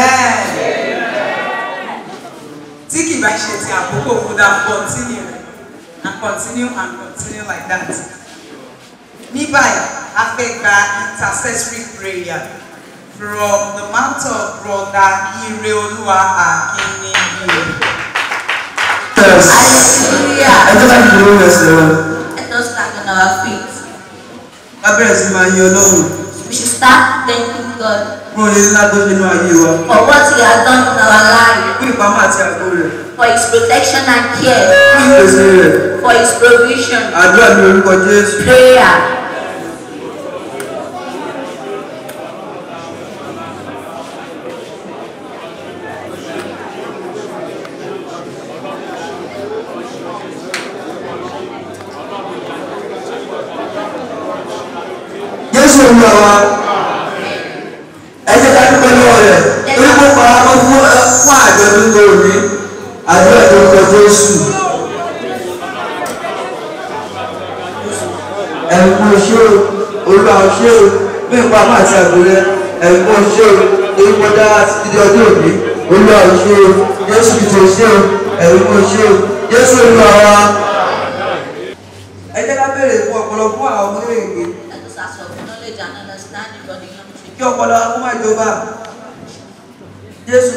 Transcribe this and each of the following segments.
Amen. Tí kì bá ṣe ti àkókò would have continued and continue and continue like that. Ní báyìí, a fẹ́ gba intercessory prayer from the mouth of brother Ireolúwa Akínyìnbí. Hallelujah. Ẹ jẹ́ I dúró like wọn. Let us stand on our feet. Ká bẹ̀rẹ̀ sí máa yìn Ọlọ́run. We should start thanking. God. Fún orin ńlá tó nínú ayé wa. For what he has done in our lives. For his protection and care. For his provision. Prayer. Yes, ń lọ fún àjọ̀dún tó ní àdúrà tó kọ Jésù. ẹ̀gbọ́n ṣé o olúwa ṣé o bí nǹkan àmọ́ àti àgbélẹ̀ ẹ̀gbọ́n ṣé o èyí mo dá ìdí ọdún òní olúwa ṣé o Jésù kìtò ṣé o ẹ̀gbọ́n ṣé o Jésù olúwa wa. ẹ jẹ́ ká béèrè fún ọ̀pọ̀lọpọ̀ àwọn ọmọ ilé ìwé. kí ọpọlọ akó má jọba Jésù.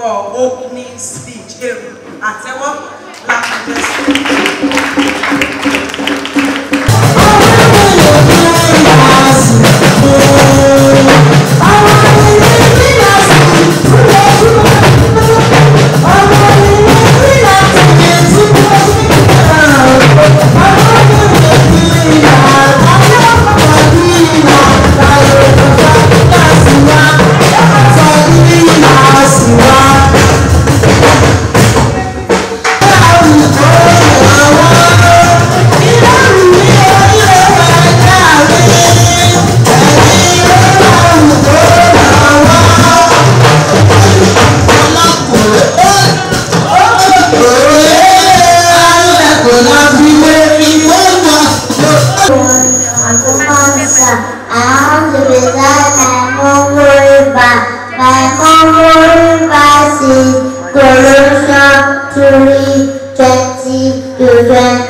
for opening speech. Èrò àtẹ́wọ́ láti jẹ́ sí. 在彩虹浮云白，白毛浮云白。西古路上，竹笛起悠远。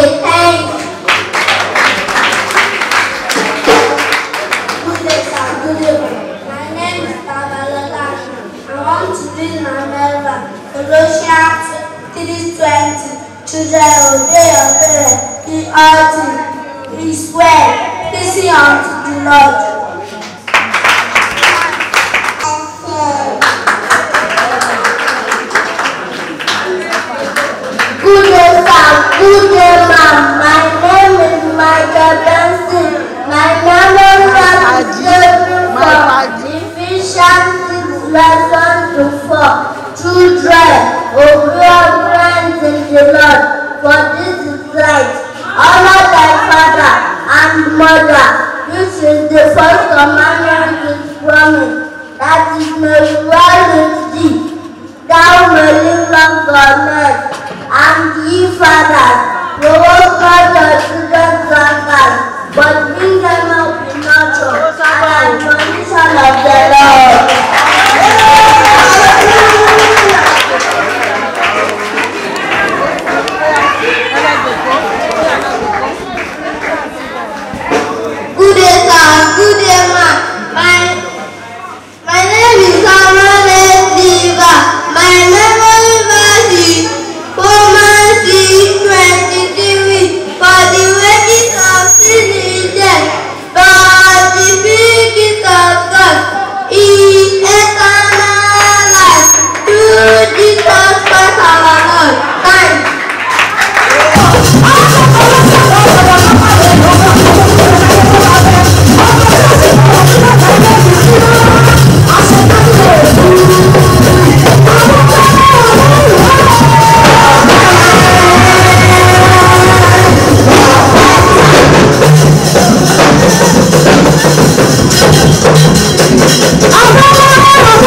twenty. Children will obey He parents in he things. His word, listen the Lord. Good old son, good old mama. Bakar dan sedang Àwọn ọmọ ọmọ.